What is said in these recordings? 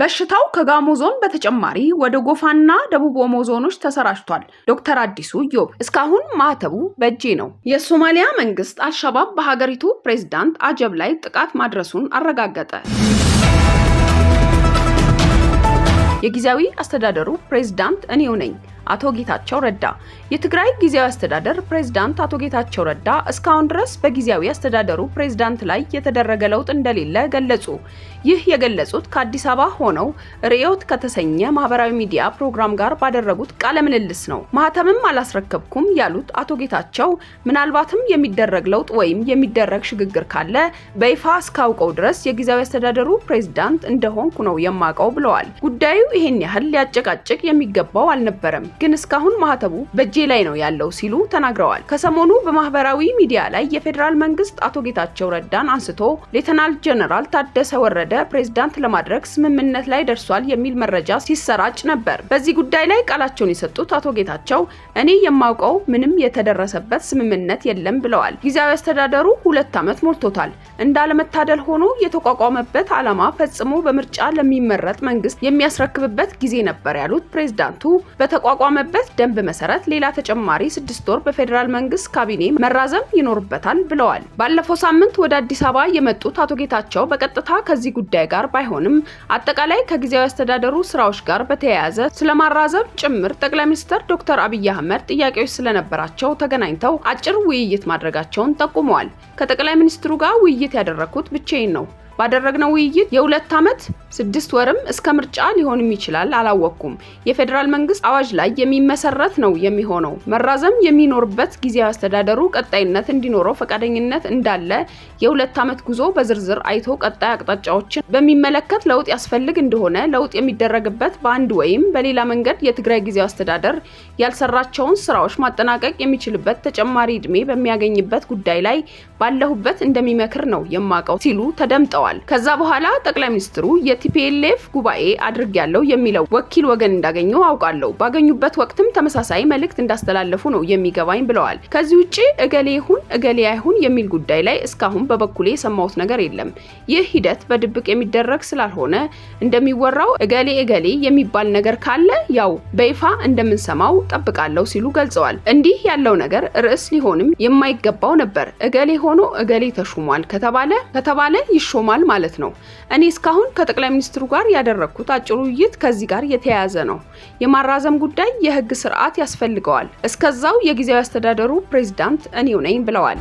በሽታው ከጋሞ ዞን በተጨማሪ ወደ ጎፋና ደቡብ ኦሞ ዞኖች ተሰራጭቷል። ዶክተር አዲሱ ኢዮብ እስካሁን ማተቡ በእጄ ነው። የሶማሊያ መንግስት አልሸባብ በሀገሪቱ ፕሬዝዳንት አጀብ ላይ ጥቃት ማድረሱን አረጋገጠ። የጊዜያዊ አስተዳደሩ ፕሬዝዳንት እኔው ነኝ አቶ ጌታቸው ረዳ የትግራይ ጊዜያዊ አስተዳደር ፕሬዝዳንት አቶ ጌታቸው ረዳ እስካሁን ድረስ በጊዜያዊ አስተዳደሩ ፕሬዝዳንት ላይ የተደረገ ለውጥ እንደሌለ ገለጹ። ይህ የገለጹት ከአዲስ አበባ ሆነው ርዕዮት ከተሰኘ ማህበራዊ ሚዲያ ፕሮግራም ጋር ባደረጉት ቃለ ምልልስ ነው። ማህተምም አላስረከብኩም ያሉት አቶ ጌታቸው ምናልባትም የሚደረግ ለውጥ ወይም የሚደረግ ሽግግር ካለ በይፋ እስካውቀው ድረስ የጊዜያዊ አስተዳደሩ ፕሬዝዳንት እንደሆንኩ ነው የማውቀው ብለዋል። ጉዳዩ ይህን ያህል ሊያጨቃጭቅ የሚገባው አልነበረም። ግን እስካሁን ማህተቡ በእጄ ላይ ነው ያለው ሲሉ ተናግረዋል። ከሰሞኑ በማህበራዊ ሚዲያ ላይ የፌዴራል መንግስት አቶ ጌታቸው ረዳን አንስቶ ሌተናል ጀነራል ታደሰ ወረደ ፕሬዝዳንት ለማድረግ ስምምነት ላይ ደርሷል የሚል መረጃ ሲሰራጭ ነበር። በዚህ ጉዳይ ላይ ቃላቸውን የሰጡት አቶ ጌታቸው እኔ የማውቀው ምንም የተደረሰበት ስምምነት የለም ብለዋል። ጊዜያዊ አስተዳደሩ ሁለት ዓመት ሞልቶታል። እንዳለመታደል ሆኖ የተቋቋመበት ዓላማ ፈጽሞ በምርጫ ለሚመረጥ መንግስት የሚያስረክብበት ጊዜ ነበር ያሉት ፕሬዝዳንቱ በተቋቋ በተቋቋመበት ደንብ መሰረት ሌላ ተጨማሪ ስድስት ወር በፌዴራል መንግስት ካቢኔ መራዘም ይኖርበታል ብለዋል። ባለፈው ሳምንት ወደ አዲስ አበባ የመጡት አቶ ጌታቸው በቀጥታ ከዚህ ጉዳይ ጋር ባይሆንም አጠቃላይ ከጊዜያዊ አስተዳደሩ ስራዎች ጋር በተያያዘ ስለማራዘም ጭምር ጠቅላይ ሚኒስትር ዶክተር አብይ አህመድ ጥያቄዎች ስለነበራቸው ተገናኝተው አጭር ውይይት ማድረጋቸውን ጠቁመዋል። ከጠቅላይ ሚኒስትሩ ጋር ውይይት ያደረግኩት ብቻዬን ነው። ባደረግነው ውይይት የሁለት ዓመት ስድስት ወርም እስከ ምርጫ ሊሆንም ይችላል። አላወቅኩም። የፌዴራል መንግስት አዋጅ ላይ የሚመሰረት ነው የሚሆነው። መራዘም የሚኖርበት ጊዜያዊ አስተዳደሩ ቀጣይነት እንዲኖረው ፈቃደኝነት እንዳለ የሁለት ዓመት ጉዞ በዝርዝር አይቶ ቀጣይ አቅጣጫዎችን በሚመለከት ለውጥ ያስፈልግ እንደሆነ ለውጥ የሚደረግበት በአንድ ወይም በሌላ መንገድ የትግራይ ጊዜያዊ አስተዳደር ያልሰራቸውን ስራዎች ማጠናቀቅ የሚችልበት ተጨማሪ እድሜ በሚያገኝበት ጉዳይ ላይ ባለሁበት እንደሚመክር ነው የማውቀው ሲሉ ተደምጠዋል። ከዛ በኋላ ጠቅላይ ሚኒስትሩ የ የቲፒኤልኤፍ ጉባኤ አድርጌያለሁ የሚለው ወኪል ወገን እንዳገኙ አውቃለሁ። ባገኙበት ወቅትም ተመሳሳይ መልእክት እንዳስተላለፉ ነው የሚገባኝ ብለዋል። ከዚህ ውጭ እገሌ ይሁን እገሌ አይሁን የሚል ጉዳይ ላይ እስካሁን በበኩሌ የሰማሁት ነገር የለም። ይህ ሂደት በድብቅ የሚደረግ ስላልሆነ እንደሚወራው እገሌ እገሌ የሚባል ነገር ካለ ያው በይፋ እንደምንሰማው ጠብቃለሁ ሲሉ ገልጸዋል። እንዲህ ያለው ነገር ርዕስ ሊሆንም የማይገባው ነበር። እገሌ ሆኖ እገሌ ተሹሟል ከተባለ ከተባለ ይሾማል ማለት ነው። እኔ እስካሁን ከጠቅላይ ጠቅላይ ሚኒስትሩ ጋር ያደረግኩት አጭር ውይይት ከዚህ ጋር የተያያዘ ነው። የማራዘም ጉዳይ የህግ ስርዓት ያስፈልገዋል። እስከዛው የጊዜያዊ አስተዳደሩ ፕሬዚዳንት እኔው ነኝ ብለዋል።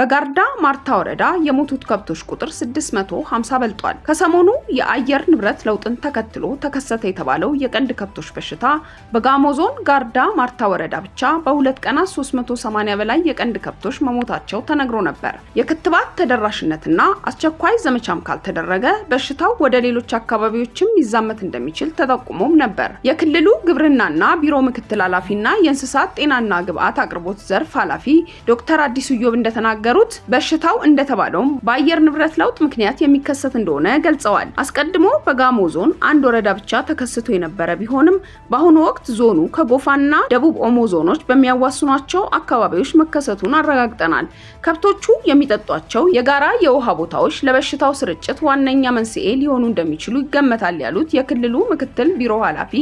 በጋርዳ ማርታ ወረዳ የሞቱት ከብቶች ቁጥር 650 በልጧል። ከሰሞኑ የአየር ንብረት ለውጥን ተከትሎ ተከሰተ የተባለው የቀንድ ከብቶች በሽታ በጋሞ ዞን ጋርዳ ማርታ ወረዳ ብቻ በሁለት ቀናት 380 በላይ የቀንድ ከብቶች መሞታቸው ተነግሮ ነበር። የክትባት ተደራሽነትና አስቸኳይ ዘመቻም ካልተደረገ በሽታው ወደ ሌሎች አካባቢዎችም ሊዛመት እንደሚችል ተጠቁሞም ነበር። የክልሉ ግብርናና ቢሮ ምክትል ኃላፊና የእንስሳት ጤናና ግብአት አቅርቦት ዘርፍ ኃላፊ ዶክተር አዲሱ ዮብ እንደተናገሩ የተናገሩት በሽታው እንደተባለውም በአየር ንብረት ለውጥ ምክንያት የሚከሰት እንደሆነ ገልጸዋል። አስቀድሞ በጋሞ ዞን አንድ ወረዳ ብቻ ተከስቶ የነበረ ቢሆንም በአሁኑ ወቅት ዞኑ ከጎፋና ደቡብ ኦሞ ዞኖች በሚያዋስኗቸው አካባቢዎች መከሰቱን አረጋግጠናል። ከብቶቹ የሚጠጧቸው የጋራ የውሃ ቦታዎች ለበሽታው ስርጭት ዋነኛ መንስኤ ሊሆኑ እንደሚችሉ ይገመታል ያሉት የክልሉ ምክትል ቢሮ ኃላፊ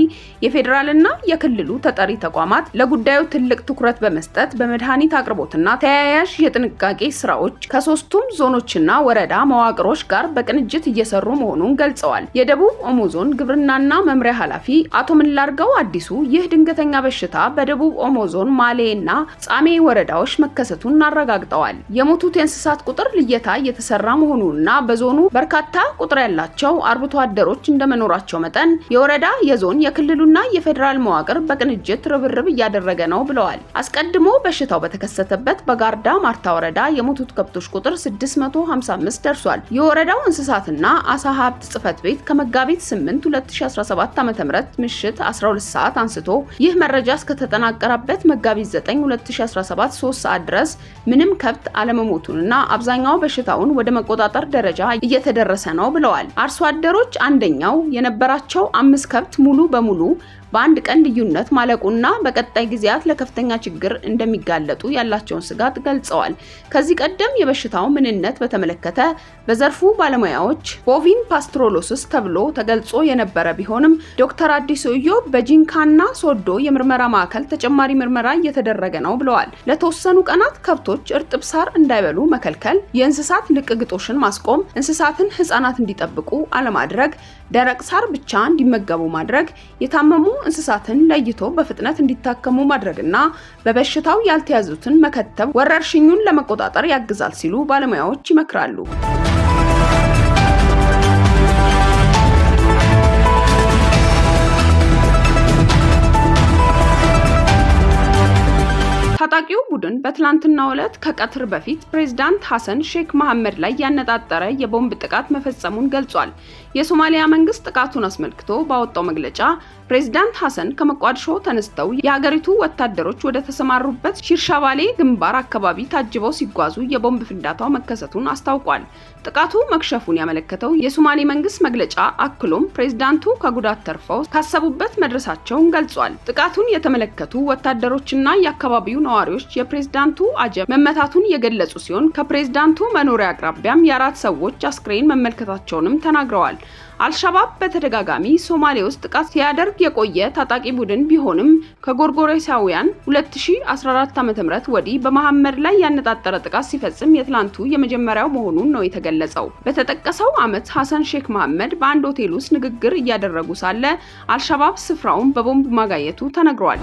የፌዴራልና የክልሉ ተጠሪ ተቋማት ለጉዳዩ ትልቅ ትኩረት በመስጠት በመድኃኒት አቅርቦትና ተያያዥ የጥንቃ የጥንቃቄ ስራዎች ከሶስቱም ዞኖችና ወረዳ መዋቅሮች ጋር በቅንጅት እየሰሩ መሆኑን ገልጸዋል። የደቡብ ኦሞ ዞን ግብርናና መምሪያ ኃላፊ አቶ ምላርገው አዲሱ ይህ ድንገተኛ በሽታ በደቡብ ኦሞ ዞን ማሌና ጻሜ ወረዳዎች መከሰቱን አረጋግጠዋል። የሞቱት የእንስሳት ቁጥር ልየታ እየተሰራ መሆኑንና በዞኑ በርካታ ቁጥር ያላቸው አርብቶ አደሮች እንደመኖራቸው መጠን የወረዳ የዞን የክልሉና የፌዴራል መዋቅር በቅንጅት ርብርብ እያደረገ ነው ብለዋል። አስቀድሞ በሽታው በተከሰተበት በጋርዳ ማርታ ወረዳ ወረዳ የሞቱት ከብቶች ቁጥር 655 ደርሷል። የወረዳው እንስሳትና አሳ ሀብት ጽፈት ቤት ከመጋቢት 8 2017 ዓ.ም ምሽት 12 ሰዓት አንስቶ ይህ መረጃ እስከተጠናቀረበት መጋቢት 9 2017 3 ሰዓት ድረስ ምንም ከብት አለመሞቱንና አብዛኛው በሽታውን ወደ መቆጣጠር ደረጃ እየተደረሰ ነው ብለዋል። አርሶ አደሮች አንደኛው የነበራቸው አምስት ከብት ሙሉ በሙሉ በአንድ ቀን ልዩነት ማለቁና በቀጣይ ጊዜያት ለከፍተኛ ችግር እንደሚጋለጡ ያላቸውን ስጋት ገልጸዋል። ከዚህ ቀደም የበሽታው ምንነት በተመለከተ በዘርፉ ባለሙያዎች ቦቪን ፓስትሮሎስስ ተብሎ ተገልጾ የነበረ ቢሆንም ዶክተር አዲሱ እዮብ በጂንካና ሶዶ የምርመራ ማዕከል ተጨማሪ ምርመራ እየተደረገ ነው ብለዋል። ለተወሰኑ ቀናት ከብቶች እርጥብ ሳር እንዳይበሉ መከልከል፣ የእንስሳት ልቅግጦሽን ማስቆም፣ እንስሳትን ህጻናት እንዲጠብቁ አለማድረግ፣ ደረቅ ሳር ብቻ እንዲመገቡ ማድረግ፣ የታመሙ እንስሳትን ለይቶ በፍጥነት እንዲታከሙ ማድረግና በበሽታው ያልተያዙትን መከተብ ወረርሽኙን ለመቆጣጠር ያግዛል ሲሉ ባለሙያዎች ይመክራሉ። በትላንትናው ዕለት ከቀትር በፊት ፕሬዝዳንት ሐሰን ሼክ መሐመድ ላይ ያነጣጠረ የቦምብ ጥቃት መፈጸሙን ገልጿል። የሶማሊያ መንግስት ጥቃቱን አስመልክቶ ባወጣው መግለጫ ፕሬዝዳንት ሐሰን ከመቋድሾ ተነስተው የሀገሪቱ ወታደሮች ወደ ተሰማሩበት ሺርሻባሌ ግንባር አካባቢ ታጅበው ሲጓዙ የቦምብ ፍንዳታው መከሰቱን አስታውቋል። ጥቃቱ መክሸፉን ያመለከተው የሶማሌ መንግስት መግለጫ አክሎም ፕሬዝዳንቱ ከጉዳት ተርፈው ካሰቡበት መድረሳቸውን ገልጿል። ጥቃቱን የተመለከቱ ወታደሮችና የአካባቢው ነዋሪዎች የፕሬ ፕሬዝዳንቱ አጀብ መመታቱን የገለጹ ሲሆን ከፕሬዝዳንቱ መኖሪያ አቅራቢያም የአራት ሰዎች አስክሬን መመልከታቸውንም ተናግረዋል። አልሸባብ በተደጋጋሚ ሶማሌ ውስጥ ጥቃት ሲያደርግ የቆየ ታጣቂ ቡድን ቢሆንም ከጎርጎሬሳውያን 2014 ም ወዲህ በመሐመድ ላይ ያነጣጠረ ጥቃት ሲፈጽም የትላንቱ የመጀመሪያው መሆኑን ነው የተገለጸው። በተጠቀሰው ዓመት ሐሰን ሼክ መሐመድ በአንድ ሆቴል ውስጥ ንግግር እያደረጉ ሳለ አልሸባብ ስፍራውን በቦምብ ማጋየቱ ተነግሯል።